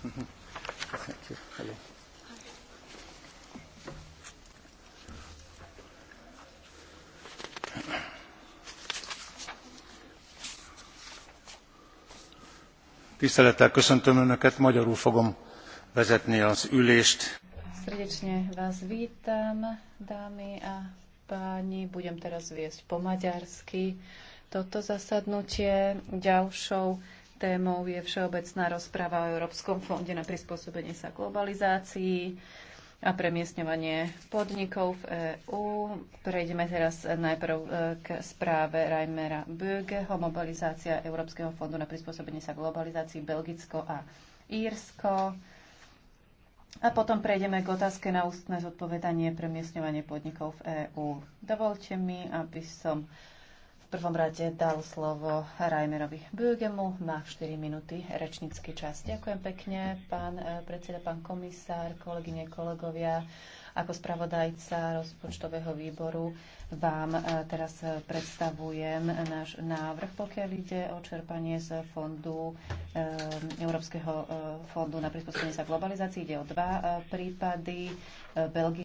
Thank you. Hello. Tisztelettel köszöntöm Önöket, magyarul fogom vezetni az ülést. Srdečne vás vítam, dámy a páni. Budem teraz viesť po maďarsky toto zasadnutie ďalšou Témou je všeobecná rozpráva o Európskom fonde na prispôsobenie sa globalizácii a premiestňovanie podnikov v EÚ. Prejdeme teraz najprv e, k správe Reimera Bögeho, mobilizácia Európskeho fondu na prispôsobenie sa globalizácii Belgicko a Írsko. A potom prejdeme k otázke na ústne zodpovedanie premiestňovanie podnikov v EÚ. Dovolte mi, aby som prvom rade dal slovo Rajmerovi Bögemu. Má 4 minúty rečnícky čas. Ďakujem pekne, pán eh, predseda, pán komisár, kolegyne, kolegovia. Ako spravodajca rozpočtového výboru vám eh, teraz eh, predstavujem náš návrh, pokiaľ ide o čerpanie z fondu Európskeho fondu na prispôsobenie sa globalizácii. Ide o dva prípady. Belgii